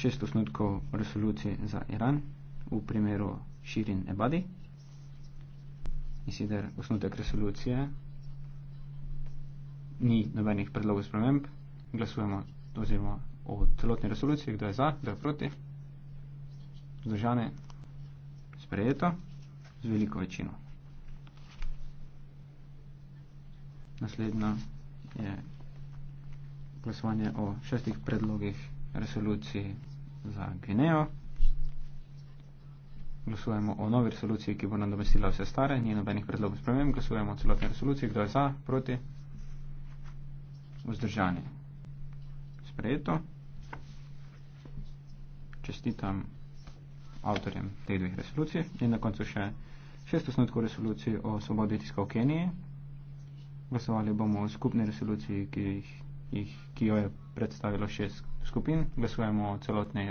šest osnutkov resolucije za Iran v primeru Širin Ebadi. In sicer osnutek resolucije ni nobenih predlogov sprememb, glasujemo oziroma o celotni resoluciji, kdo je za, kdo je proti. Zdržane sprejeto z veliko večino. Naslednja je glasovanje o šestih predlogih resoluciji za Gvinejo. Glasujemo o novi resoluciji, ki bo nadomestila vse stare, ni nobenih predlogov sprememb. Glasujemo o celotni resoluciji, kdo je za, proti, vzdržani. Sprejeto. Čestitam avtorjem teh dveh resolucij in na koncu še šest osnutkov resolucij o svobodi tiska v Keniji. Glasovali bomo o skupni resoluciji, ki jih jih, ki jo je predstavilo šest skupin, glasujemo o celotni